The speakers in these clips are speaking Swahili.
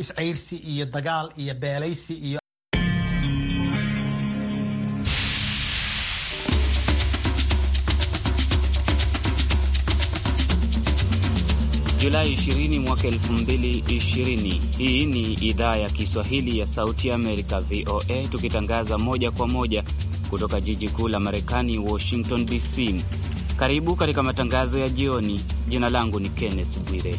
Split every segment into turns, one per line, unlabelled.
isciirsi iyo dagaal iyo beelaysi iyo
Julai 20 mwaka 2020. Hii ni idhaa ya Kiswahili ya Sauti ya Amerika, VOA, tukitangaza moja kwa moja kutoka jiji kuu la Marekani, Washington DC. Karibu katika matangazo ya jioni. Jina langu ni Kenneth Bwire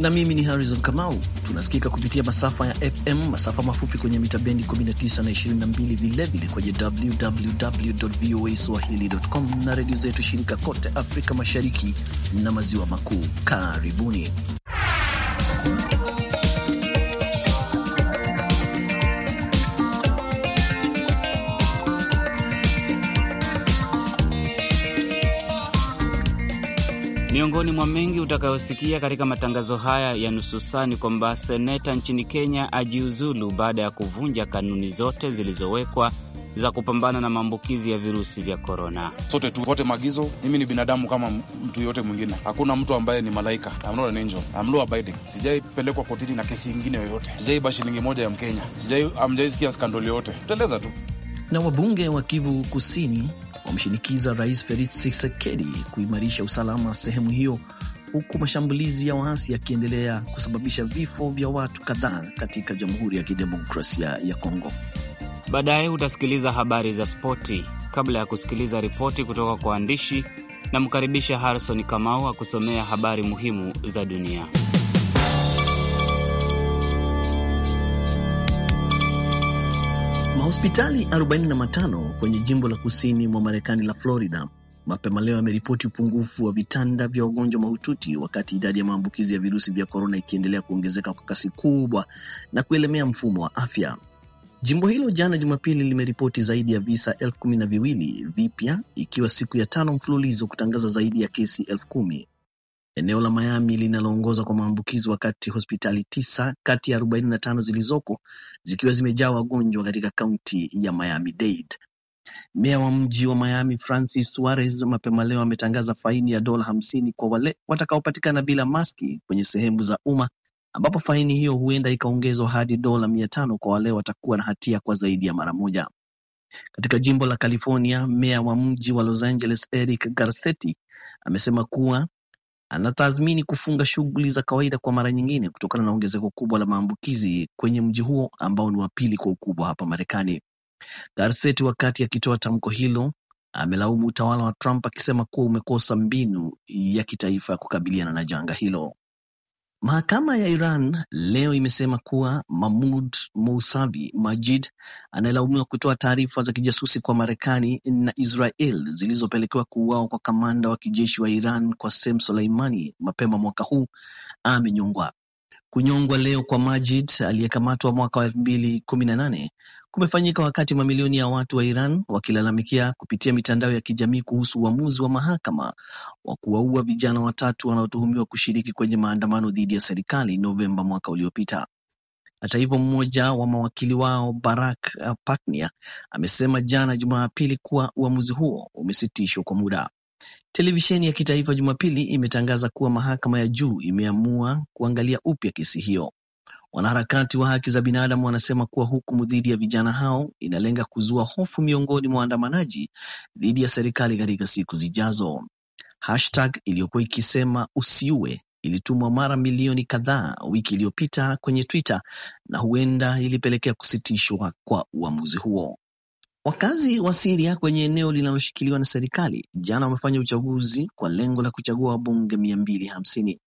na mimi ni Harrison Kamau. Tunasikika kupitia masafa ya FM, masafa mafupi kwenye mita bendi 19 na 22, vilevile kwenye www voa swahili.com na redio zetu shirika kote Afrika Mashariki na Maziwa Makuu. Karibuni
Miongoni mwa mengi utakayosikia katika matangazo haya ya nusu saa ni kwamba seneta nchini Kenya ajiuzulu baada ya kuvunja kanuni zote zilizowekwa za kupambana na maambukizi ya virusi vya korona.
Sote tupote maagizo. Mimi ni binadamu kama mtu yoyote mwingine, hakuna mtu ambaye ni malaika. I'm not an angel, I'm law abiding. Sijaipelekwa kotini na kesi ingine yoyote, sijaiba shilingi moja ya Mkenya, amjaisikia skandoli yoyote, tutaeleza tu.
Na wabunge wa Kivu Kusini wameshinikiza Rais Felix Tshisekedi kuimarisha usalama sehemu hiyo, huku mashambulizi ya waasi yakiendelea kusababisha vifo vya watu kadhaa katika Jamhuri ya Kidemokrasia ya Kongo.
Baadaye utasikiliza habari za spoti kabla ya kusikiliza ripoti kutoka kwa waandishi. Namkaribisha Harrison Kamau akusomea habari muhimu za dunia.
Mahospitali 45 kwenye jimbo la kusini mwa Marekani la Florida mapema leo ameripoti upungufu wa vitanda vya wagonjwa mahututi wakati idadi ya maambukizi ya virusi vya korona ikiendelea kuongezeka kwa kasi kubwa na kuelemea mfumo wa afya. Jimbo hilo jana Jumapili limeripoti zaidi ya visa elfu kumi na viwili vipya ikiwa siku ya tano mfululizo kutangaza zaidi ya kesi elfu kumi eneo la Miami linaloongoza kwa maambukizi wakati hospitali tisa kati ya 45 zilizoko zikiwa zimejaa wagonjwa katika kaunti ya Miami-Dade. Meya wa mji wa Miami Francis Suarez mapema leo ametangaza faini ya dola hamsini kwa wale watakaopatikana bila maski kwenye sehemu za umma ambapo faini hiyo huenda ikaongezwa hadi dola mia tano kwa wale watakuwa na hatia kwa zaidi ya mara moja. Katika jimbo la California, meya wa mji wa Los Angeles Eric Garcetti amesema kuwa anatathmini kufunga shughuli za kawaida kwa mara nyingine kutokana na ongezeko kubwa la maambukizi kwenye mji huo ambao ni wa pili kwa ukubwa hapa Marekani. Garset wakati akitoa tamko hilo amelaumu utawala wa Trump akisema kuwa umekosa mbinu ya kitaifa ya kukabiliana na janga hilo. Mahakama ya Iran leo imesema kuwa Mahmud Mousavi Majid anayelaumiwa kutoa taarifa za kijasusi kwa Marekani na Israel zilizopelekewa kuuawa kwa kamanda wa kijeshi wa Iran Qasem Soleimani mapema mwaka huu amenyongwa. Kunyongwa leo kwa Majid aliyekamatwa mwaka wa elfu mbili kumi na nane kumefanyika wakati mamilioni ya watu wa Iran wakilalamikia kupitia mitandao ya kijamii kuhusu uamuzi wa mahakama wa kuwaua vijana watatu wanaotuhumiwa kushiriki kwenye maandamano dhidi ya serikali Novemba mwaka uliopita. Hata hivyo, mmoja wa mawakili wao Barak Patnia amesema jana Jumapili kuwa uamuzi huo umesitishwa kwa muda. Televisheni ya kitaifa Jumapili imetangaza kuwa mahakama ya juu imeamua kuangalia upya kesi hiyo. Wanaharakati wa haki za binadamu wanasema kuwa hukumu dhidi ya vijana hao inalenga kuzua hofu miongoni mwa waandamanaji dhidi ya serikali katika siku zijazo. Hashtag iliyokuwa ikisema usiue ilitumwa mara milioni kadhaa wiki iliyopita kwenye Twitter na huenda ilipelekea kusitishwa kwa uamuzi huo. Wakazi wa Siria kwenye eneo linaloshikiliwa na serikali jana wamefanya uchaguzi kwa lengo la kuchagua wabunge hamsini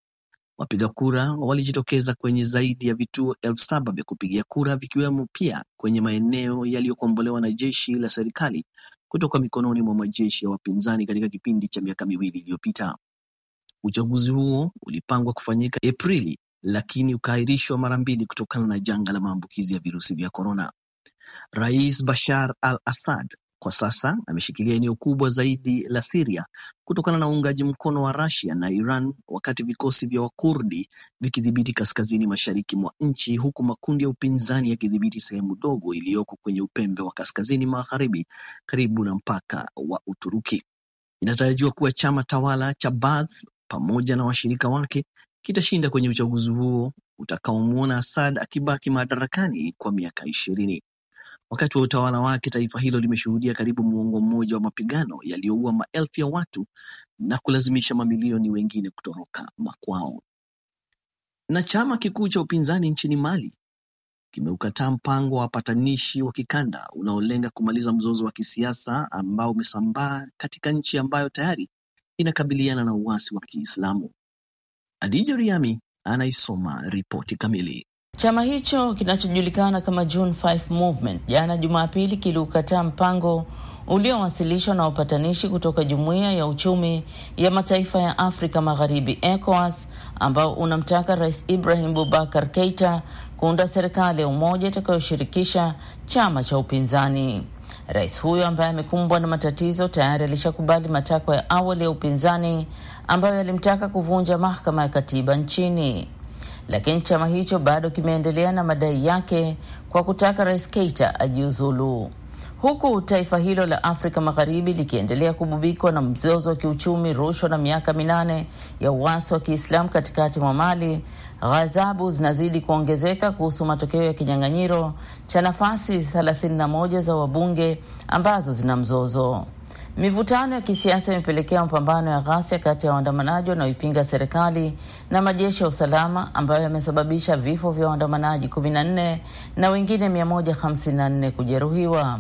Wapiga kura walijitokeza kwenye zaidi ya vituo elfu saba vya kupigia kura vikiwemo pia kwenye maeneo yaliyokombolewa na jeshi la serikali kutoka mikononi mwa majeshi ya wapinzani katika kipindi cha miaka miwili iliyopita. Uchaguzi huo ulipangwa kufanyika Aprili lakini ukaahirishwa mara mbili kutokana na janga la maambukizi ya virusi vya korona. Rais Bashar al-Assad kwa sasa ameshikilia eneo kubwa zaidi la siria kutokana na uungaji mkono wa rasia na Iran wakati vikosi vya Wakurdi vikidhibiti kaskazini mashariki mwa nchi huku makundi ya upinzani yakidhibiti sehemu ndogo iliyoko kwenye upembe wa kaskazini magharibi karibu na mpaka wa Uturuki. Inatarajiwa kuwa chama tawala cha Baath pamoja na washirika wake kitashinda kwenye uchaguzi huo utakaomwona Assad akibaki madarakani kwa miaka ishirini. Wakati wa utawala wake taifa hilo limeshuhudia karibu muongo mmoja wa mapigano yaliyoua maelfu ya watu na kulazimisha mamilioni wengine kutoroka makwao. Na chama kikuu cha upinzani nchini Mali kimeukataa mpango wa wapatanishi wa kikanda unaolenga kumaliza mzozo wa kisiasa ambao umesambaa katika nchi ambayo tayari inakabiliana na uasi wa Kiislamu. Adija Riami anaisoma ripoti kamili.
Chama hicho kinachojulikana kama June 5 Movement jana Jumapili kiliukataa mpango uliowasilishwa na upatanishi kutoka Jumuiya ya Uchumi ya Mataifa ya Afrika Magharibi ECOWAS ambao unamtaka Rais Ibrahim Boubacar Keita kuunda serikali ya umoja itakayoshirikisha chama cha upinzani. Rais huyo ambaye amekumbwa na matatizo tayari alishakubali matakwa ya awali ya upinzani ambayo yalimtaka kuvunja mahakama ya katiba nchini lakini chama hicho bado kimeendelea na madai yake kwa kutaka Rais Keita ajiuzulu, huku taifa hilo la Afrika Magharibi likiendelea kububikwa na mzozo wa kiuchumi, rushwa na miaka minane ya uasi wa Kiislamu katikati mwa Mali. Ghadhabu zinazidi kuongezeka kuhusu matokeo ya kinyang'anyiro cha nafasi 31 za wabunge ambazo zina mzozo. Mivutano ya kisiasa imepelekea mapambano ya ghasia kati ya waandamanaji wanaoipinga serikali na majeshi ya usalama ambayo yamesababisha vifo vya waandamanaji 14 na wengine 154 kujeruhiwa.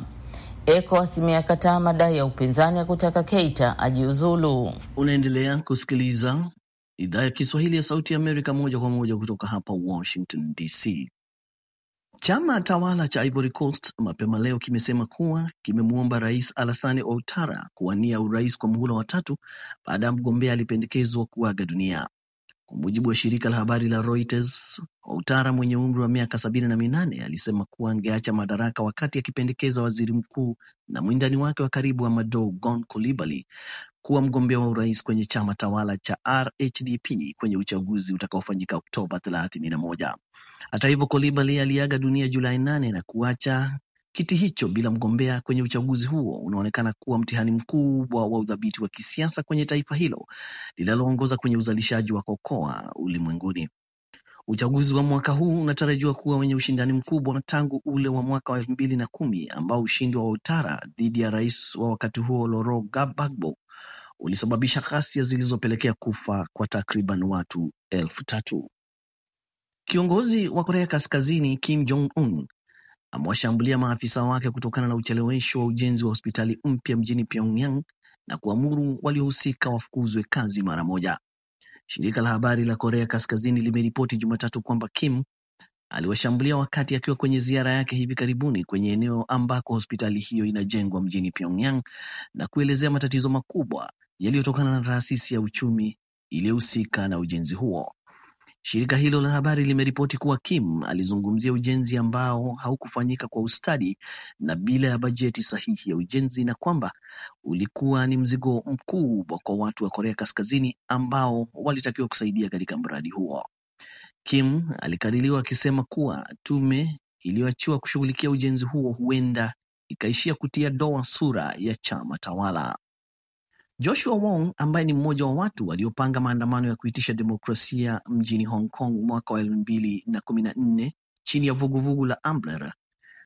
ECOWAS imeyakataa madai ya upinzani ya kutaka Keita ajiuzulu.
Unaendelea kusikiliza idhaa ya Kiswahili ya Sauti ya Amerika moja kwa moja kutoka hapa Washington DC. Chama tawala cha Ivory Coast mapema leo kimesema kuwa kimemwomba Rais Alassane Ouattara kuwania urais kwa muhula wa tatu baada ya mgombea alipendekezwa kuaga dunia. Kwa mujibu wa shirika la habari la Reuters, Ouattara mwenye umri wa miaka sabini na minane alisema kuwa angeacha madaraka wakati akipendekeza waziri mkuu na mwindani wake wa karibu Amadou Gon Coulibaly kuwa mgombea wa urais kwenye chama tawala cha RHDP kwenye uchaguzi utakaofanyika Oktoba 31. Hata hivyo, Kolibali aliaga dunia Julai 8 na kuacha kiti hicho bila mgombea kwenye uchaguzi huo unaonekana kuwa mtihani mkubwa wa udhabiti wa kisiasa kwenye taifa hilo linaloongoza kwenye uzalishaji wa kokoa ulimwenguni. Uchaguzi wa mwaka huu unatarajiwa kuwa wenye ushindani mkubwa tangu ule wa mwaka wa elfu mbili na kumi ambao ushindi wa Ouattara dhidi ya rais wa wakati huo Laurent Gbagbo ulisababisha ghasia zilizopelekea kufa kwa takriban watu elfu tatu. Kiongozi wa Korea Kaskazini Kim Jong Un amewashambulia maafisa wake kutokana na uchelewesho wa ujenzi wa hospitali mpya mjini Pyongyang na kuamuru waliohusika wafukuzwe kazi mara moja. Shirika la habari la Korea Kaskazini limeripoti Jumatatu kwamba Kim aliwashambulia wakati akiwa kwenye ziara yake hivi karibuni kwenye eneo ambako hospitali hiyo inajengwa mjini Pyongyang na kuelezea matatizo makubwa yaliyotokana na taasisi ya uchumi iliyohusika na ujenzi huo. Shirika hilo la habari limeripoti kuwa Kim alizungumzia ujenzi ambao haukufanyika kwa ustadi na bila ya bajeti sahihi ya ujenzi na kwamba ulikuwa ni mzigo mkubwa kwa watu wa Korea Kaskazini ambao walitakiwa kusaidia katika mradi huo. Kim alikadiriwa akisema kuwa tume iliyoachiwa kushughulikia ujenzi huo huenda ikaishia kutia doa sura ya chama tawala. Joshua Wong ambaye ni mmoja wa watu waliopanga maandamano ya kuitisha demokrasia mjini Hong Kong mwaka wa elfu mbili na kumi na nne chini ya vuguvugu la Umbrella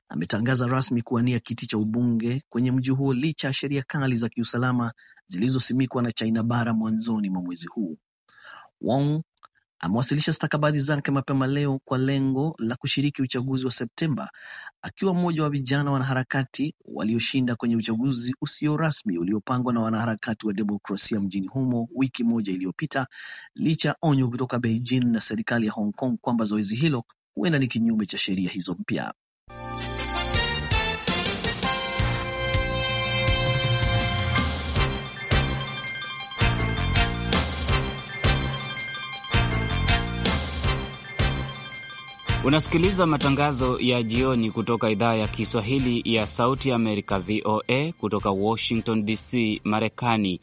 ametangaza rasmi kuwania kiti cha ubunge kwenye mji huo licha ya sheria kali za kiusalama zilizosimikwa na China bara mwanzoni mwa mwezi huu. Wong amewasilisha stakabadhi zake mapema leo kwa lengo la kushiriki uchaguzi wa Septemba akiwa mmoja wa vijana wanaharakati walioshinda kwenye uchaguzi usio rasmi uliopangwa na wanaharakati wa demokrasia mjini humo wiki moja iliyopita, licha ya onyo kutoka Beijing na serikali ya Hong Kong kwamba zoezi hilo huenda ni kinyume cha sheria hizo mpya.
Unasikiliza matangazo ya jioni kutoka idhaa ya Kiswahili ya Sauti ya Amerika, VOA, kutoka Washington DC, Marekani.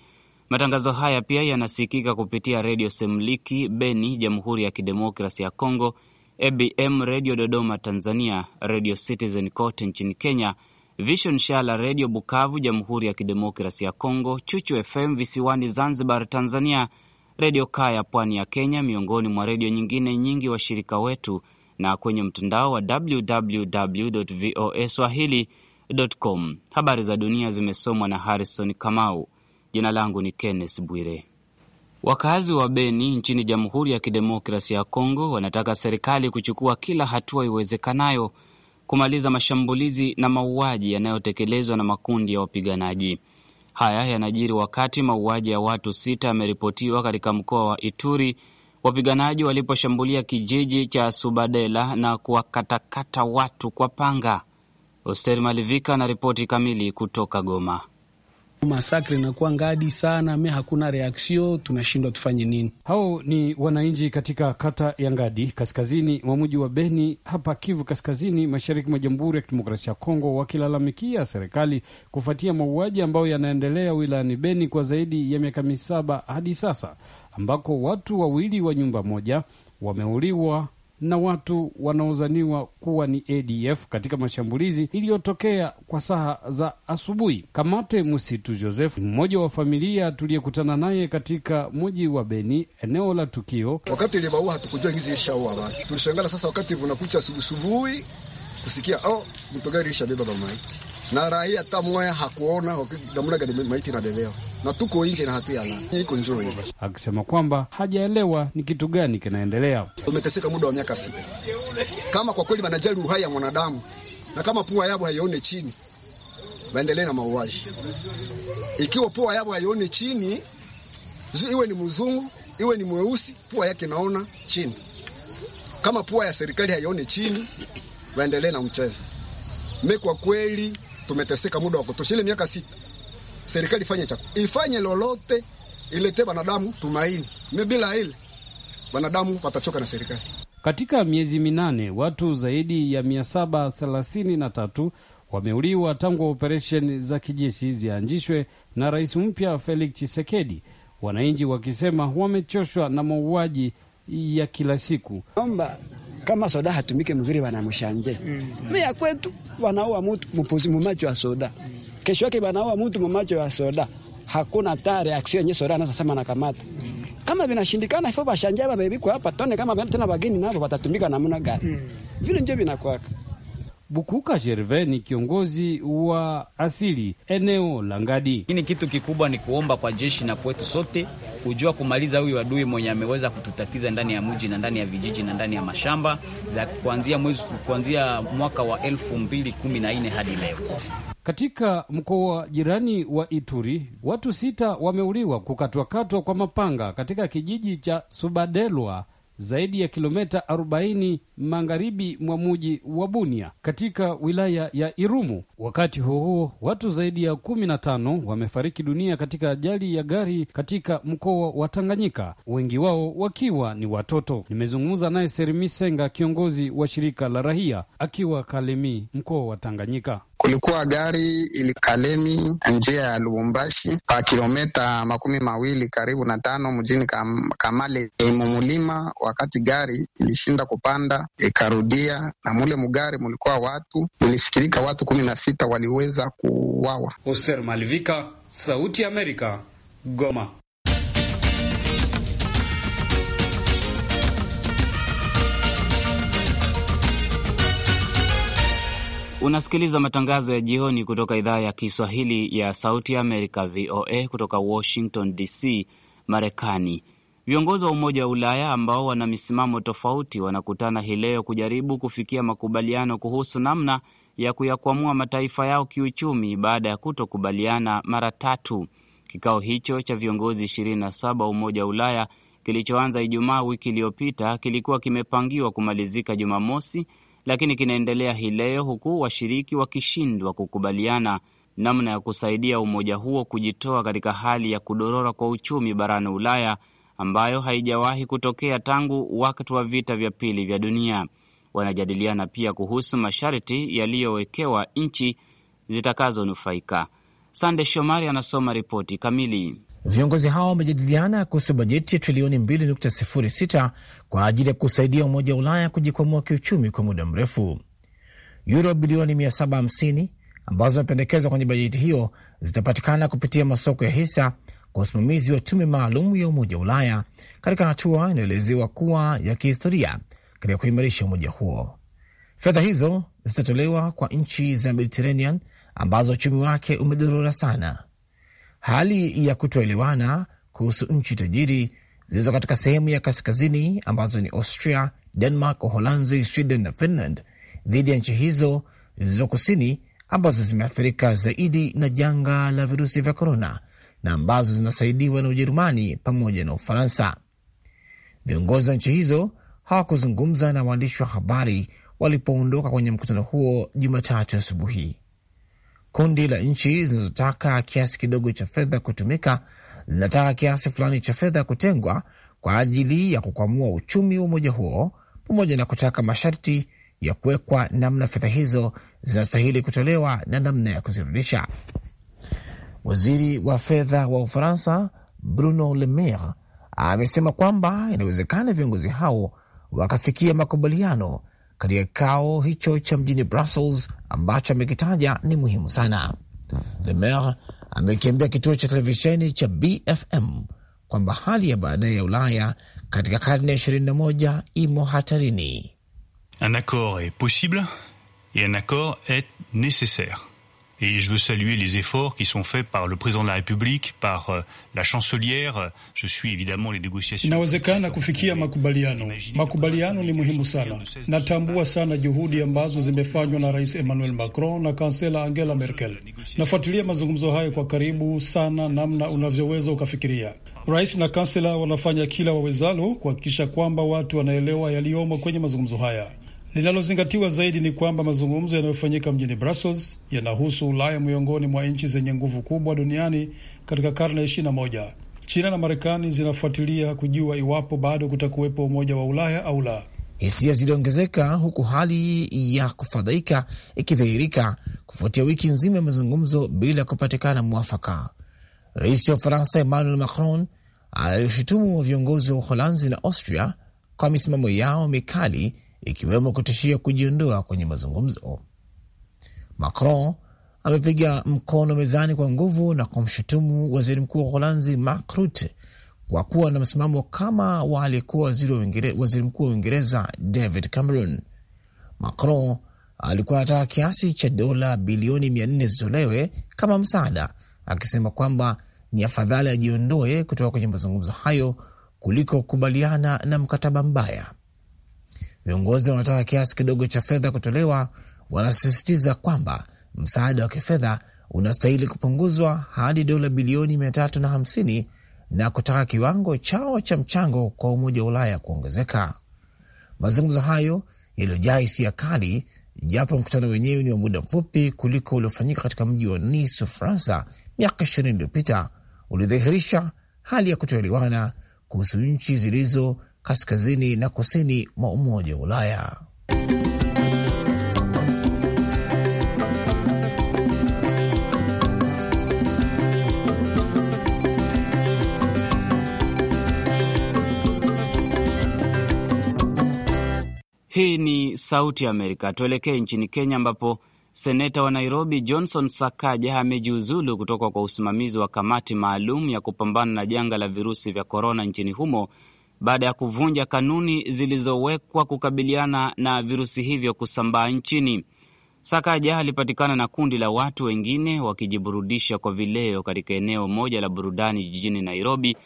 Matangazo haya pia yanasikika kupitia Redio Semliki Beni, Jamhuri ya Kidemokrasi ya congo ABM Redio Dodoma Tanzania, Redio Citizen kote nchini Kenya, Vision Shala Redio Bukavu, Jamhuri ya Kidemokrasi ya congo Chuchu FM visiwani Zanzibar, Tanzania, Redio Kaya pwani ya Kenya, miongoni mwa redio nyingine nyingi washirika wetu na kwenye mtandao wa www voa swahili.com. Habari za dunia zimesomwa na Harrison Kamau. Jina langu ni Kenneth Bwire. Wakazi wa Beni nchini Jamhuri ya Kidemokrasi ya Kongo wanataka serikali kuchukua kila hatua iwezekanayo kumaliza mashambulizi na mauaji yanayotekelezwa na makundi ya wapiganaji. Haya yanajiri wakati mauaji ya watu sita yameripotiwa katika mkoa wa Ituri wapiganaji waliposhambulia kijiji cha Subadela na kuwakatakata watu kwa panga. Oster Malivika na ripoti kamili kutoka Goma.
Masakre inakuwa ngadi sana me, hakuna reaksio, tunashindwa tufanye nini? Hao ni wananchi katika kata ya Ngadi, kaskazini mwa mji wa Beni, hapa Kivu Kaskazini, mashariki mwa Jamhuri ya Kidemokrasia ya Kongo, wakilalamikia serikali kufuatia mauaji ambayo yanaendelea wilayani Beni kwa zaidi ya miaka misaba hadi sasa ambako watu wawili wa nyumba moja wameuliwa na watu wanaozaniwa kuwa ni ADF katika mashambulizi iliyotokea kwa saa za asubuhi. Kamate Musitu Joseph, mmoja wa familia tuliyekutana naye katika mji wa Beni,
eneo la tukio. Wakati ile hatukujua hizi ishaua ba, tulishangala. Sasa wakati unakucha subusubuhi kusikia oh, mtogari ishabeba mamaiti na raia hata moya hakuona namna gani maiti inabebea na tuko nje na hatu yana iko njoi,
akisema kwamba hajaelewa ni kitu gani kinaendelea.
Umeteseka muda wa miaka sita. Kama kwa kweli wanajali uhai ya mwanadamu na kama pua yabo haione chini, waendelee na mauaji. Ikiwa pua yabo haione chini, iwe ni mzungu iwe ni mweusi, pua yake naona chini. Kama pua ya serikali haione chini, waendelee na mchezo. Mimi kwa kweli tumeteseka muda wa kutosha. Ile miaka sita, serikali ifanye chako ifanye lolote, ilete wanadamu tumaini. ni Bila ile wanadamu watachoka na serikali.
Katika miezi minane watu zaidi ya tatu wameuliwa tangu operesheni za kijeshi zianjishwe na rais mpya Felix chisekedi wananchi wakisema wamechoshwa na mauaji ya kila siku. Omba kama soda hatumike mzuri
wanamshanje mm. Mimi kwetu wanaua mtu mpuzi mumacho ya soda mm. Kesho yake wanaua mtu mumacho ya soda, hakuna ta reaksio yenye soda anaza sema nakamata mm. Kama
vinashindikana hivyo vashanje babebi kwa hapa tone kama tena bageni navo watatumika namna gani mm. Vile ndio vinakwaka Bukuka Gerve ni kiongozi wa asili eneo
la Ngadi. Ini kitu kikubwa ni kuomba kwa jeshi na kwetu sote kujua kumaliza huyu adui mwenye ameweza kututatiza ndani ya mji na ndani ya vijiji na ndani ya mashamba za kuanzia mwezi kuanzia mwaka wa elfu mbili kumi na nne hadi leo.
Katika mkoa jirani wa Ituri, watu sita wameuliwa kukatwakatwa kwa mapanga katika kijiji cha Subadelwa, zaidi ya kilometa 40 magharibi mwa muji wa Bunia katika wilaya ya Irumu. Wakati huo huo, watu zaidi ya kumi na tano wamefariki dunia katika ajali ya gari katika mkoa wa Tanganyika, wengi wao wakiwa ni watoto. Nimezungumza naye Serimi Senga, kiongozi wa shirika la Rahia, akiwa Kalemi, mkoa wa Tanganyika.
Kulikuwa gari ilikalemi njia ya Lubumbashi pa kilometa makumi mawili karibu na tano mjini
Kamale Mumulima, wakati gari ilishinda kupanda ikarudia na mule mgari mulikuwa watu ilisikirika, watu kumi na sita waliweza kuwawa. Hoser
Malivika, Sauti ya Amerika, Goma.
Unasikiliza matangazo ya jioni kutoka idhaa ya Kiswahili ya Sauti ya Amerika, VOA, kutoka Washington DC, Marekani. Viongozi wa Umoja wa Ulaya ambao wana misimamo tofauti wanakutana hii leo kujaribu kufikia makubaliano kuhusu namna ya kuyakwamua mataifa yao kiuchumi baada ya kutokubaliana mara tatu. Kikao hicho cha viongozi 27 wa Umoja wa Ulaya kilichoanza Ijumaa wiki iliyopita kilikuwa kimepangiwa kumalizika Jumamosi, lakini kinaendelea hii leo huku washiriki wakishindwa kukubaliana namna ya kusaidia umoja huo kujitoa katika hali ya kudorora kwa uchumi barani Ulaya ambayo haijawahi kutokea tangu wakati wa vita vya pili vya dunia. Wanajadiliana pia kuhusu masharti yaliyowekewa nchi zitakazonufaika. Sande Shomari anasoma ripoti kamili.
Viongozi hao wamejadiliana kuhusu bajeti ya trilioni 2.06 kwa ajili ya kusaidia Umoja wa Ulaya kujikwamua kiuchumi kwa muda mrefu. yuro bilioni 750 ambazo zimependekezwa kwenye bajeti hiyo zitapatikana kupitia masoko ya hisa usimamizi wa tume maalum ya Umoja wa Ulaya katika hatua inayoelezewa kuwa ya kihistoria katika kuimarisha umoja huo. Fedha hizo zitatolewa kwa nchi za Mediterranean ambazo uchumi wake umedorora sana. Hali ya kutoelewana kuhusu nchi tajiri zilizo katika sehemu ya kaskazini ambazo ni Austria, Denmark, Uholanzi, Sweden na Finland dhidi ya nchi hizo zilizo kusini ambazo zimeathirika zaidi na janga la virusi vya korona na ambazo zinasaidiwa na Ujerumani pamoja na Ufaransa. Viongozi wa nchi hizo hawakuzungumza na waandishi wa habari walipoondoka kwenye mkutano huo Jumatatu asubuhi. Kundi la nchi zinazotaka kiasi kidogo cha fedha kutumika linataka kiasi fulani cha fedha kutengwa kwa ajili ya kukwamua uchumi wa umoja huo pamoja na kutaka masharti ya kuwekwa namna fedha hizo zinastahili kutolewa na namna ya kuzirudisha. Waziri wa fedha wa Ufaransa Bruno Le Maire amesema kwamba inawezekana viongozi hao wakafikia makubaliano katika kikao hicho cha mjini Brussels ambacho amekitaja ni muhimu sana. Le Maire amekiambia kituo cha televisheni cha BFM kwamba hali ya baadaye ya Ulaya katika karne ya 21 imo hatarini.
Un accord est possible et un accord est necessaire Et je veux saluer les efforts qui sont faits par le président de la République, par euh, la chancelière. Je suis évidemment les négociations.
Inawezekana kufikia euh, makubaliano. Makubaliano ni muhimu sana. Natambua sana juhudi ambazo zimefanywa na Rais Emmanuel Macron na kansela Angela Merkel. Nafuatilia mazungumzo hayo kwa karibu sana, namna unavyoweza ukafikiria. Rais na kansela wanafanya kila wawezalo kuhakikisha kwamba watu wanaelewa yaliyomo kwenye mazungumzo haya. Linalozingatiwa zaidi ni kwamba mazungumzo yanayofanyika mjini Brussels yanahusu Ulaya miongoni mwa nchi zenye nguvu kubwa duniani katika karne ishirini na moja. China na Marekani zinafuatilia kujua
iwapo bado kutakuwepo umoja wa Ulaya au la. Hisia ziliongezeka huku hali ya kufadhaika ikidhihirika kufuatia wiki nzima ya mazungumzo bila kupatikana mwafaka. Rais wa Ufaransa Emmanuel Macron alishutumu viongozi wa Uholanzi na Austria kwa misimamo yao mikali ikiwemo kutishia kujiondoa kwenye mazungumzo. Macron amepiga mkono mezani kwa nguvu na kumshutumu waziri mkuu wa Uholanzi Mark Rutte kwa kuwa na msimamo kama wa aliyekuwa waziri mkuu wa Uingereza David Cameron. Macron alikuwa anataka kiasi cha dola bilioni mia nne zitolewe kama msaada, akisema kwamba ni afadhali ajiondoe kutoka kwenye mazungumzo hayo kuliko kukubaliana na mkataba mbaya. Viongozi wanataka kiasi kidogo cha fedha kutolewa, wanasisitiza kwamba msaada wa kifedha unastahili kupunguzwa hadi dola bilioni 350 na kutaka kiwango chao cha mchango kwa Umoja wa Ulaya kuongezeka. Mazungumzo hayo yaliyojaa hisia kali, japo mkutano wenyewe ni wa muda mfupi kuliko uliofanyika katika mji wa Nice, Ufaransa, miaka ishirini iliyopita, ulidhihirisha hali ya kutoelewana kuhusu nchi zilizo kaskazini na kusini mwa Umoja wa Ulaya.
Hii ni Sauti ya Amerika. Tuelekee nchini Kenya, ambapo seneta wa Nairobi Johnson Sakaja amejiuzulu kutoka kwa usimamizi wa kamati maalum ya kupambana na janga la virusi vya korona nchini humo baada ya kuvunja kanuni zilizowekwa kukabiliana na virusi hivyo kusambaa nchini. Sakaja alipatikana na kundi la watu wengine wakijiburudisha kwa vileo katika eneo moja la burudani jijini Nairobi,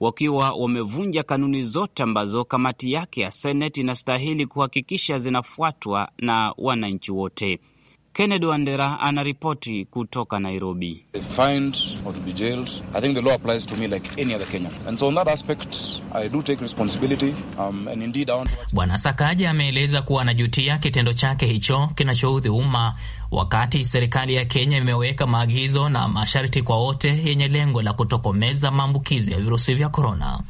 wakiwa wamevunja kanuni zote ambazo kamati yake ya Seneti inastahili kuhakikisha zinafuatwa na wananchi wote. Kennedy Wandera anaripoti kutoka Nairobi. Um,
Bwana Sakaja ameeleza kuwa anajutia kitendo chake hicho kinachoudhi umma, wakati serikali ya Kenya imeweka maagizo na masharti kwa wote yenye lengo la kutokomeza maambukizi ya virusi vya korona.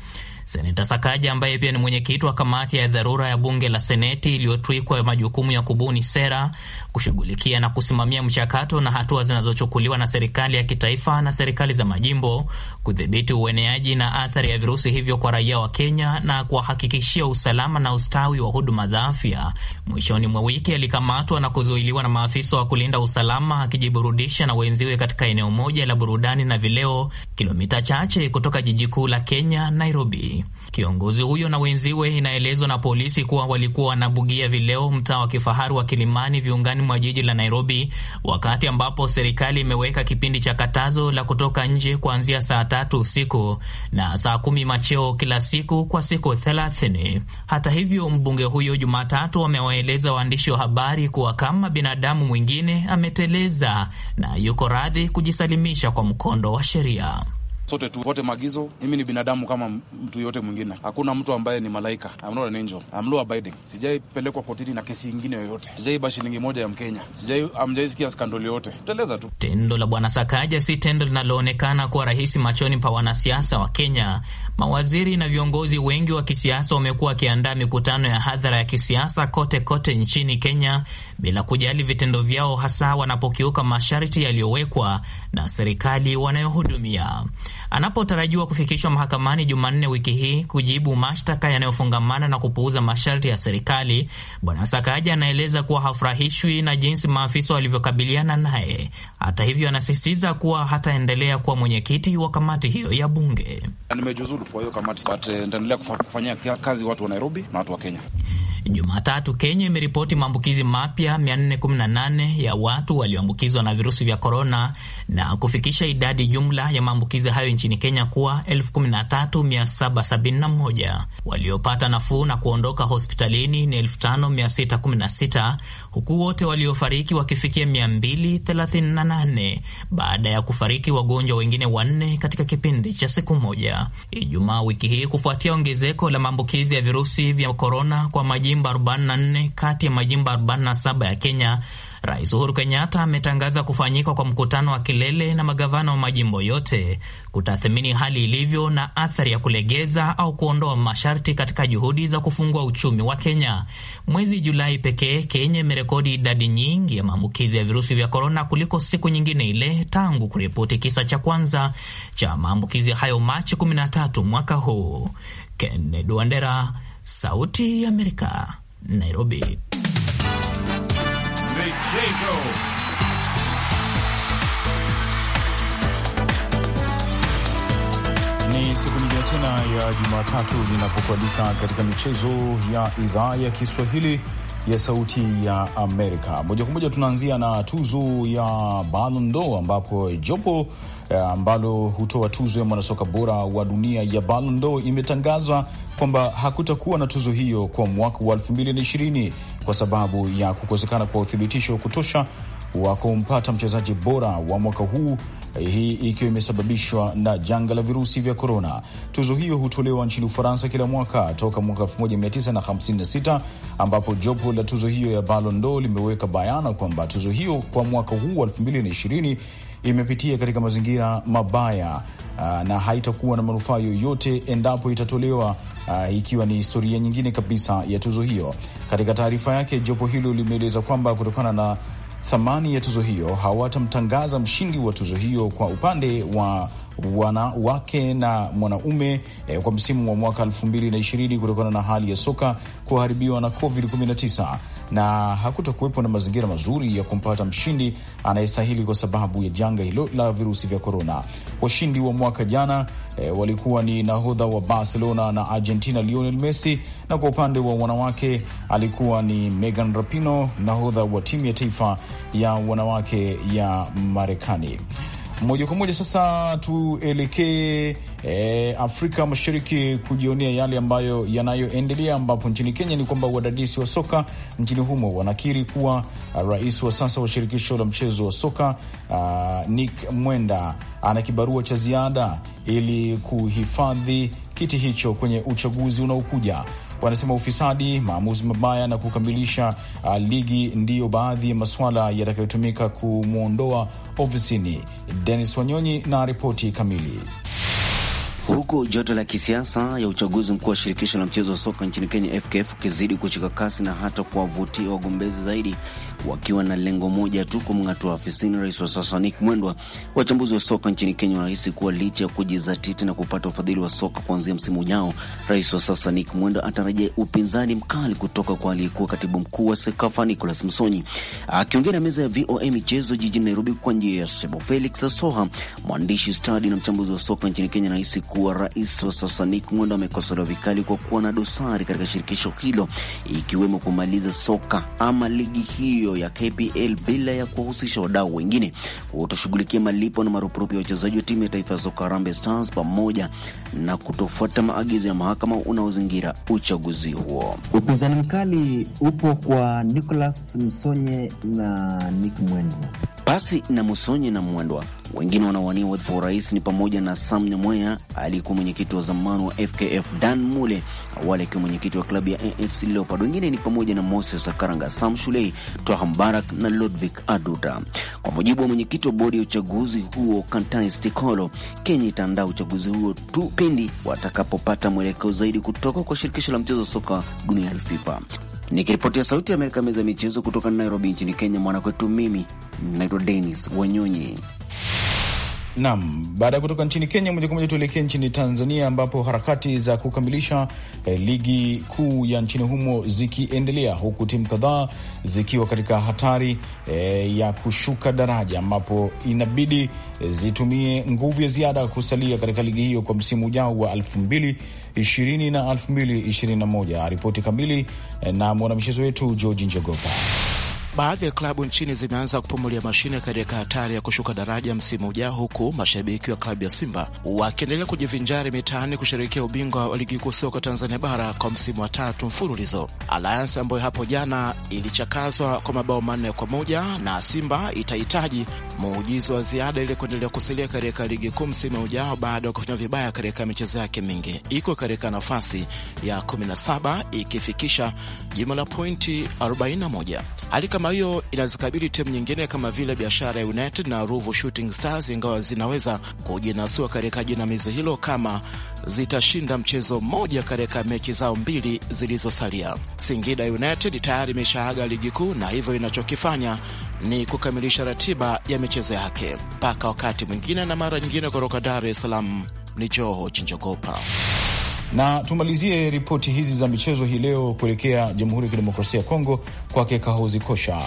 Seneta Sakaja ambaye pia ni mwenyekiti wa kamati ya dharura ya bunge la Seneti iliyotwikwa majukumu ya kubuni sera, kushughulikia na kusimamia mchakato na hatua zinazochukuliwa na serikali ya kitaifa na serikali za majimbo kudhibiti ueneaji na athari ya virusi hivyo kwa raia wa Kenya na kuwahakikishia usalama na ustawi wa huduma za afya, mwishoni mwa wiki alikamatwa na kuzuiliwa na maafisa wa kulinda usalama akijiburudisha na wenziwe katika eneo moja la burudani na vileo kilomita chache kutoka jiji kuu la Kenya, Nairobi. Kiongozi huyo na wenziwe inaelezwa na polisi kuwa walikuwa wanabugia vileo mtaa wa kifahari wa Kilimani, viungani mwa jiji la Nairobi, wakati ambapo serikali imeweka kipindi cha katazo la kutoka nje kuanzia saa tatu usiku na saa kumi macheo kila siku kwa siku thelathini. Hata hivyo, mbunge huyo Jumatatu amewaeleza waandishi wa habari kuwa kama binadamu mwingine ameteleza na yuko radhi kujisalimisha kwa mkondo wa sheria
sote tupote maagizo. Mimi ni binadamu kama mtu yote mwingine, hakuna mtu ambaye ni malaika. I'm not an angel, I'm law abiding. Sijaipelekwa kotini na kesi ingine yoyote, sijaiba shilingi moja ya Mkenya, sijai amjaisikia skandoli yoyote, teleza tu.
Tendo la bwana Sakaja si tendo linaloonekana kuwa rahisi machoni pa wanasiasa wa Kenya. Mawaziri na viongozi wengi wa kisiasa wamekuwa wakiandaa mikutano ya hadhara ya kisiasa kote kote nchini Kenya bila kujali vitendo vyao, hasa wanapokiuka masharti yaliyowekwa na serikali wanayohudumia anapotarajiwa kufikishwa mahakamani Jumanne wiki hii kujibu mashtaka yanayofungamana na kupuuza masharti ya serikali. Bwana Sakaji anaeleza kuwa hafurahishwi na jinsi maafisa walivyokabiliana naye. Hata hivyo, anasisitiza kuwa hataendelea kuwa mwenyekiti wa kamati hiyo ya bunge.
Nimejuzulu, kwa hiyo kamati ataendelea eh, kufanyia kazi watu wa Nairobi na watu wa Kenya.
Jumatatu, Kenya imeripoti maambukizi mapya 418 ya watu walioambukizwa na virusi vya korona na kufikisha idadi jumla ya maambukizi hayo nchini Kenya kuwa 13771. Waliopata nafuu na kuondoka hospitalini ni 5616 huku wote waliofariki wakifikia 238 baada ya kufariki wagonjwa wengine wanne katika kipindi cha siku moja Ijumaa wiki hii kufuatia ongezeko la maambukizi ya virusi vya korona kwa maji majimbo 44 kati ya majimbo 47 ya Kenya, Rais Uhuru Kenyatta ametangaza kufanyika kwa mkutano wa kilele na magavana wa majimbo yote kutathmini hali ilivyo na athari ya kulegeza au kuondoa masharti katika juhudi za kufungua uchumi wa Kenya. Mwezi Julai pekee, Kenya imerekodi idadi nyingi ya maambukizi ya virusi vya korona kuliko siku nyingine ile tangu kuripoti kisa cha kwanza cha maambukizi hayo Machi 13 mwaka huu. Kennedy Wandera, Sauti ya Amerika, Nairobi.
Michezo.
Ni siku nyingine tena ya Jumatatu ninapokualika katika michezo ya idhaa ya Kiswahili ya Sauti ya Amerika. Moja kwa moja tunaanzia na tuzo ya Ballon d'Or ambapo jopo eh, ambalo hutoa tuzo ya mwanasoka bora wa dunia ya Ballon d'Or imetangazwa kwamba hakutakuwa na tuzo hiyo kwa mwaka wa 2020 kwa sababu ya kukosekana kwa uthibitisho wa kutosha wa kumpata mchezaji bora wa mwaka huu Eh, hii ikiwa imesababishwa na janga la virusi vya korona. Tuzo hiyo hutolewa nchini Ufaransa kila mwaka toka mwaka 1956 ambapo jopo la tuzo hiyo ya Ballon d'Or limeweka bayana kwamba tuzo hiyo kwa mwaka huu wa 2020 imepitia katika mazingira mabaya ah, na haitakuwa na manufaa yoyote endapo itatolewa Uh, ikiwa ni historia nyingine kabisa ya tuzo hiyo. Katika taarifa yake, jopo hilo limeeleza kwamba kutokana na thamani ya tuzo hiyo hawatamtangaza mshindi wa tuzo hiyo kwa upande wa wanawake na mwanaume eh, kwa msimu wa mwaka 2020 kutokana na hali ya soka kuharibiwa na COVID-19 na hakutakuwepo na mazingira mazuri ya kumpata mshindi anayestahili kwa sababu ya janga hilo la virusi vya korona. Washindi wa mwaka jana e, walikuwa ni nahodha wa Barcelona na Argentina Lionel Messi, na kwa upande wa wanawake alikuwa ni Megan Rapinoe, nahodha wa timu ya taifa ya wanawake ya Marekani. Moja kwa moja sasa tuelekee e, Afrika Mashariki kujionea yale ambayo yanayoendelea, ambapo nchini Kenya ni kwamba wadadisi wa soka nchini humo wanakiri kuwa rais wa sasa wa shirikisho la mchezo wa soka uh, Nick Mwenda ana kibarua cha ziada ili kuhifadhi kiti hicho kwenye uchaguzi unaokuja wanasema ufisadi, maamuzi mabaya na kukamilisha uh, ligi ndiyo baadhi ya masuala yatakayotumika kumwondoa ofisini. Denis Wanyonyi na ripoti kamili.
Huku joto la kisiasa ya uchaguzi mkuu wa shirikisho la mchezo wa soka nchini Kenya FKF ukizidi kuchika kasi na hata kuwavutia wagombezi zaidi wakiwa na lengo moja tu, kumng'atua afisini rais wa sasa Nick Mwendwa, wachambuzi wa soka nchini Kenya wanahisi kuwa licha ya kujizatiti na kupata ufadhili wa soka kuanzia msimu ujao, rais wa sasa Nick Mwendwa atarajia upinzani mkali kutoka kwa aliyekuwa katibu mkuu wa SEKAFA Nicholas Msonyi. Akiongea na meza ya VOA michezo jijini Nairobi kwa njia ya Sebo, Felix Asoha, mwandishi stadi na mchambuzi wa soka nchini Kenya, anahisi kuwa rais wa sasa Nick Mwendo amekosolewa vikali kwa kuwa na dosari katika shirikisho hilo, ikiwemo kumaliza soka ama ligi hiyo ya KPL bila ya kuwahusisha wadau wengine, kutoshughulikia malipo na marupurupu ya wachezaji wa timu ya taifa ya soka Harambee Stars, pamoja na kutofuata maagizo ya mahakama unaozingira uchaguzi huo. Upinzani mkali upo kwa Nicolas Msonye na Nick Mwendwa. Basi na Msonye na Mwendwa, wengine wanaowania wadhifa wa urais ni pamoja na Sam Nyamweya aliyekuwa mwenyekiti wa zamani wa FKF Dan Mule, awali akiwa mwenyekiti wa klabu ya AFC Leopards. Wengine ni pamoja na Moses Sakaranga, Sam Shulei, Twaha Mbarak na Ludwig Aduta. Kwa mujibu wa mwenyekiti wa bodi ya uchaguzi huo Kantai Stikolo, Kenya itaandaa uchaguzi huo tu pindi watakapopata mwelekeo zaidi kutoka kwa shirikisho la mchezo wa soka duniani FIFA. Nikiripotia Sauti ya Amerika, meza ya michezo kutoka Nairobi nchini Kenya, mwanakwetu, mimi naitwa Denis Wanyonyi nam
baada ya kutoka nchini Kenya moja kwa moja tuelekee nchini Tanzania ambapo harakati za kukamilisha eh, ligi kuu ya nchini humo zikiendelea huku timu kadhaa zikiwa katika hatari eh, ya kushuka daraja ambapo inabidi eh, zitumie nguvu ya ziada kusalia katika ligi hiyo kwa msimu ujao wa elfu mbili ishirini na elfu mbili ishirini na moja. Ripoti kamili eh, na mwanamchezo wetu Georgi Njogopa.
Baadhi ya klabu nchini zimeanza kupumulia mashine katika hatari ya kushuka daraja msimu ujao, huku mashabiki wa klabu ya Simba wakiendelea kujivinjari mitaani kusherehekea ubingwa wa ligi kuu soka Tanzania bara kwa msimu wa tatu mfululizo. Alliance ambayo hapo jana ilichakazwa kwa mabao manne kwa moja na Simba itahitaji muujizo wa ziada ili kuendelea kusalia katika ligi kuu msimu ujao baada ya kufanya vibaya katika michezo yake mingi. Iko katika nafasi ya 17 ikifikisha jumla pointi 41 kama hiyo inazikabili timu nyingine kama vile Biashara ya United na Ruvu Shooting Stars, ingawa zinaweza kujinasua katika jinamizi hilo kama zitashinda mchezo mmoja katika mechi zao mbili zilizosalia. Singida United tayari imeshaaga ligi kuu na hivyo inachokifanya ni kukamilisha ratiba ya michezo yake mpaka wakati mwingine na mara nyingine. Kutoka Dar es Salaam ni Joho Chinjogopa. Na tumalizie
ripoti hizi za michezo hii leo kuelekea Jamhuri ya Kidemokrasia ya Kongo kwake Kahozi Kosha.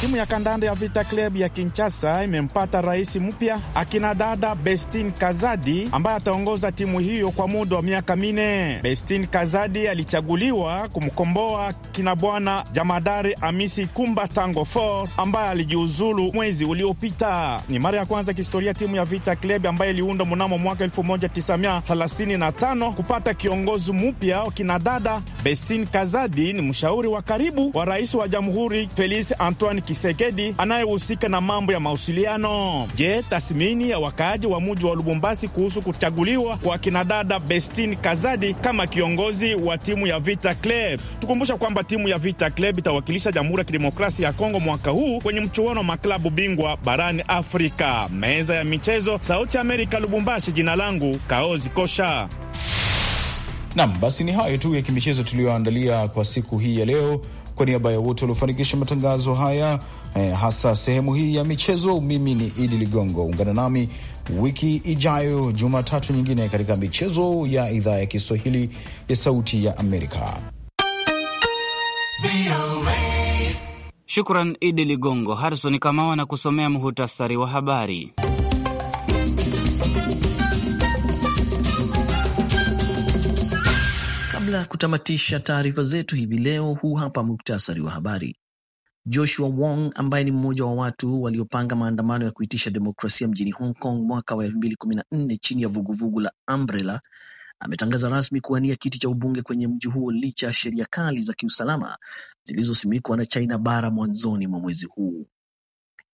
Timu ya kandanda ya Vita Club ya Kinshasa imempata rais mpya akina dada Bestin Kazadi ambaye ataongoza timu hiyo kwa muda wa miaka minne. Bestin Kazadi alichaguliwa kumkomboa kina bwana jamadari Amisi Kumba Tango Four ambaye alijiuzulu mwezi uliopita. Ni mara ya kwanza kihistoria timu ya Vita Club ambayo iliundwa mnamo mwaka 1935 kupata kiongozi mpya. Kina dada Bestin Kazadi ni mshauri wa karibu wa rais wa jamhuri Felix Antoine Kisekedi anayehusika na mambo ya mawasiliano. Je, tathmini ya wakaaji wa muji wa Lubumbashi kuhusu kuchaguliwa kwa kinadada Bestin Kazadi kama kiongozi wa timu ya Vita Club. Tukumbusha kwamba timu ya Vita Club itawakilisha Jamhuri ya Kidemokrasia ya Kongo mwaka huu kwenye mchuano wa maklabu bingwa barani Afrika. Meza ya michezo, Sauti Amerika, Lubumbashi. Jina langu Kaozi Kosha.
Nam, basi ni hayo tu ya kimichezo tuliyoandalia kwa siku hii ya leo. Kwa niaba ya wote waliofanikisha matangazo haya eh, hasa sehemu hii ya michezo, mimi ni Idi Ligongo. Ungana nami wiki ijayo Jumatatu nyingine katika michezo ya idhaa ya Kiswahili ya Sauti ya Amerika.
Shukran Idi Ligongo. Harison Kamau anakusomea muhutasari wa habari.
Kabla ya kutamatisha taarifa zetu hivi leo, huu hapa muktasari wa habari. Joshua Wong ambaye ni mmoja wa watu waliopanga maandamano ya kuitisha demokrasia mjini Hong Kong mwaka wa 2014 chini ya vuguvugu vugu la Umbrella ametangaza rasmi kuwania kiti cha ubunge kwenye mji huo licha ya sheria kali za kiusalama zilizosimikwa na China bara mwanzoni mwa mwezi huu.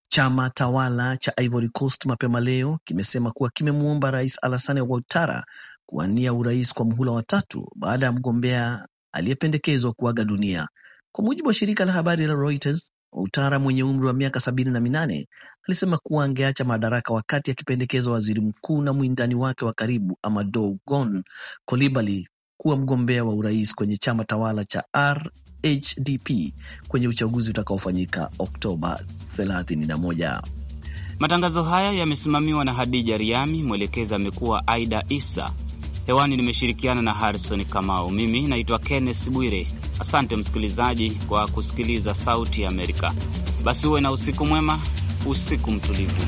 Chama tawala cha Ivory Coast mapema leo kimesema kuwa kimemwomba Rais Alassane Ouattara kuwania urais kwa muhula wa tatu baada ya mgombea aliyependekezwa kuaga dunia. Kwa mujibu wa shirika la habari la Reuters, Utara mwenye umri wa miaka sabini na minane alisema kuwa angeacha madaraka wakati akipendekeza waziri mkuu na mwindani wake wa karibu Amadou Gon Kolibali kuwa mgombea wa urais kwenye chama tawala cha RHDP kwenye uchaguzi utakaofanyika Oktoba 31.
Matangazo haya yamesimamiwa na Hadija Riami, mwelekezi amekuwa Aida Isa. Hewani nimeshirikiana na Harrison Kamau. Mimi naitwa Kenneth Bwire. Asante msikilizaji kwa kusikiliza Sauti ya Amerika. Basi uwe na usiku mwema, usiku mtulivu.